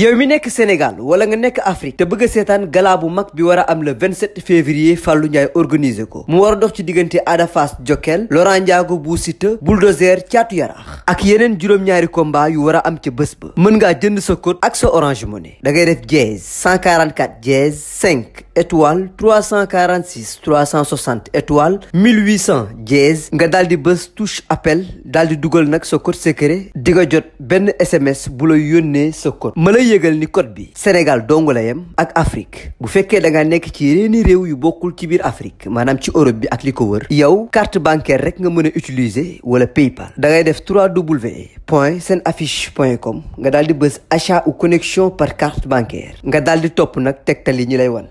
yow mi nekk Sénégal wala nga nekk Afrique te bëgg a seetaan galaa bu mag bi war a am le 27 février Fallou Ndiaye organisé ko mu war dox ci diggante Ada Fass Jokkel Laurent Ndiago Bou Siteu Bulldozer Caatu Yaraax ak yeneen juróom-ñaari combat yu war a am ca bés ba mën ngaa jënd sa code ak sa Orange Money da ngay def dièse 144 dièse 5 étoile 346 360 étoile 1800 dièse nga daal di bés touche appel dal di dugal nag sa code secret di nga jot benn SMS bu la yónnee sa code lay yëgal ni code bi Sénégal dong la yem ak Afrique bu fekkee da nga nekk ci réew yu bokkul ci biir Afrique maanaam ci Europe bi ak li wër yow carte bancaire rek nga mën a utiliser wala Paypal da def 3W point seen affiche point nga daal di bës achat connexion par carte nga daal di topp nag tegtal yi ñu lay wan.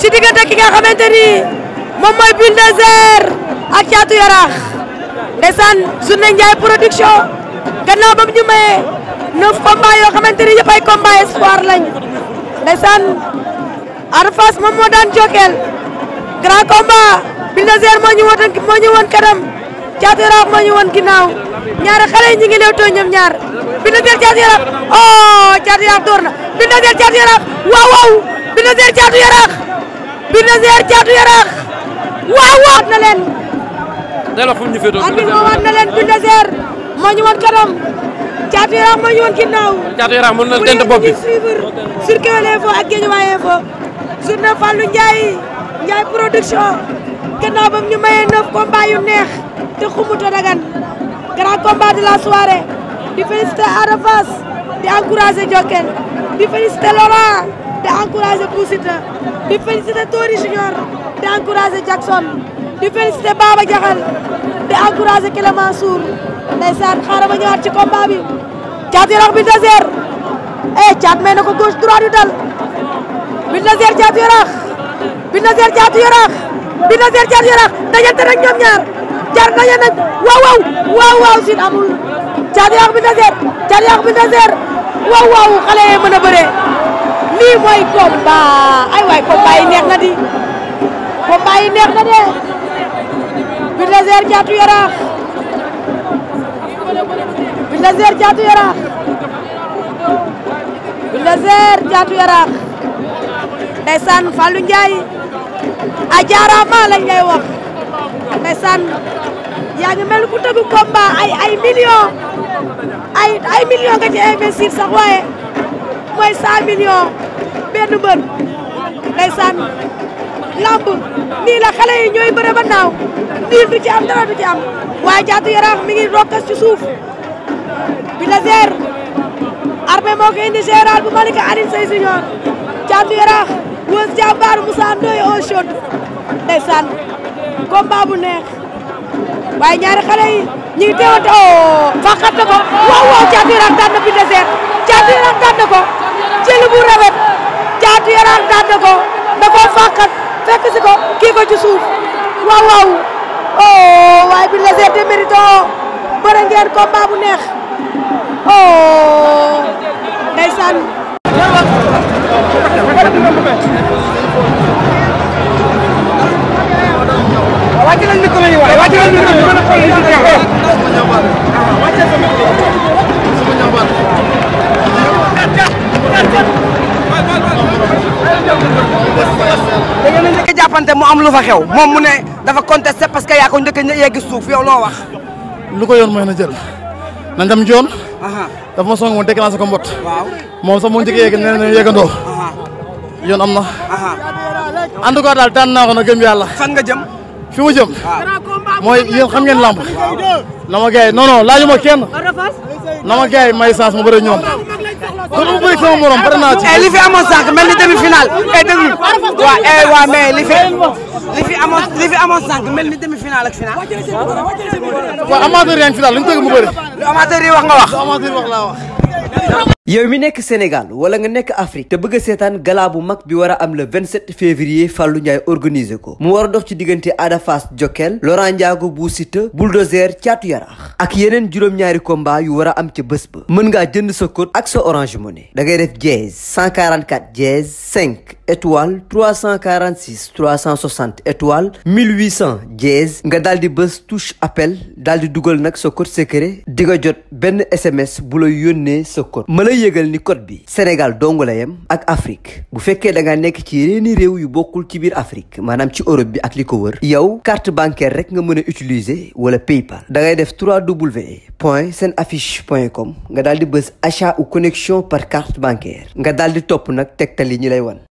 ki nga xamante ni moom mooy Bulldozer ak Caatu Yaraax ndeysaan journée Ndiaye production gannaaw ba mu ñu mayee neuf combats yoo xamante ni yëpp ay espoir lañ ndeysaan Ada moom moo daan jokkeel grand combat Bulldozer moo ñu woon moo ñu Caatu Yaraax moo ñu woon ginnaaw ñaari xale yi ñu ngi leewtoo ñoom ñaar Caatu Yaraax oh Caatu Yaraax door na Bulldozer Caatu Yaraax Caatu Yaraax Bulldozer na leen la fu ñu féetoo. at bi wan kanam Caatu Yaraax moo ñu wan ginnaaw. Caatu Yaraax mën na dent bopp bi neex te xumuto dagan grand combat de la soirée di félicité Ada di encouragé Jokkel di félicité Laurent di encouragé Boussita di félicité Tori Junior di encouragé Jackson. di félicité Baba Diakhal di encouragé Kila Mansour ndeysaan xaaral ma ñëwaat ci combat bi caat yorox bi désert eh caat may na ko gauche droite yu dal bi désert caat yorox bi désert caat yorox bi désert caat yorox dajante nañ ñoom ñaar caat daje nañ waaw mën a bëree lii mooy combat ay waay combat yi neex na di combat yi neex na de Buldozer Caatu Yaraax Buldozer Caatu Yaraax Buldozer Caatu Yaraax ndeysaan Fallou Ndiaye a jaaraama lañ lay wax ndeysaan yaa ngi mel ku tëggu combat ay ay million ay ay million nga ci investir sax waaye mooy 100 million benn bër ndeysaan lamb nii la xale ñooy bëre ba naaw nii du ci am dara du ci am waaye jaatu yaraax mi ngi rokkas ci bi la zeer moo ko indi bu Malika Alioune Seye Junior jaatu yaraax wës jàmbaar Moussa Ndoye oh, daan na bi la zeer jaatu daan na ko jël bu rafet jaatu yaraax daan na ko da koo fàqat ci suuf waaw waaw oh waaye bi la seet mérito bu neex oh ndeysaan contesté am lu fa xew moom mu ne dafa contesté parce que yaa ko a yegg suuf yow loo wax. lu ko yoon mooy na jël nañ dem ci yoon. dafa ma song moom déclenché ko mbot. waaw moom sax moo njëkk a yegg nee nañu yeggandoo. yoon am na. en tout daal tànn naa ko na gëm yàlla. fan nga jëm. fi mu jëm. mooy yéen xam ngeen lamb. na ma gars yi non kenn. na ma may chance ma bëre ñoom. kon bu bëri sama morom pare naa ci. Eh, li fi amoon sànq mel ni demi final et eh, déglu waa eh waa mais li fi li fi mel ni demi final ak final. waaw amateur yaa ngi final lu ñu mu bëri. lu amateur wax nga wax. yow mi nekk Sénégal wala nga nekk Afrique te bëgg seetaan gala bu mag bi war a am le 27 février Fallou Ndiaye organisé ko mu war a dox ci diggante Ada Fass Jokkel Laurent Ndiago Bou Siteu Bulldozer Caatu Yaraax ak yeneen juróom-ñaari combat yu war a am ca bés ba mën ngaa jënd sa code ak sa Orange Money da ngay def dièse 144 dièse 5 étoile 346 360 étoile 1800 dièse nga daal di bés touche appel dal di dugal nag sa code secret di nga jot benn SMS bu la yónnee sa code lay yëgal ni code bi Sénégal dong la yem ak Afrique bu fekkee da nga nekk ci yeneeni réew yu bokkul ci biir Afrique maanaam ci Europe bi ak li ko wër yow carte bancaire rek nga mën a utiliser wala PayPal da ngay def 3W point seen affiche point com nga daal di bës achat ou connexion par carte bancaire nga daal di topp nag tegtal yi ñu lay wan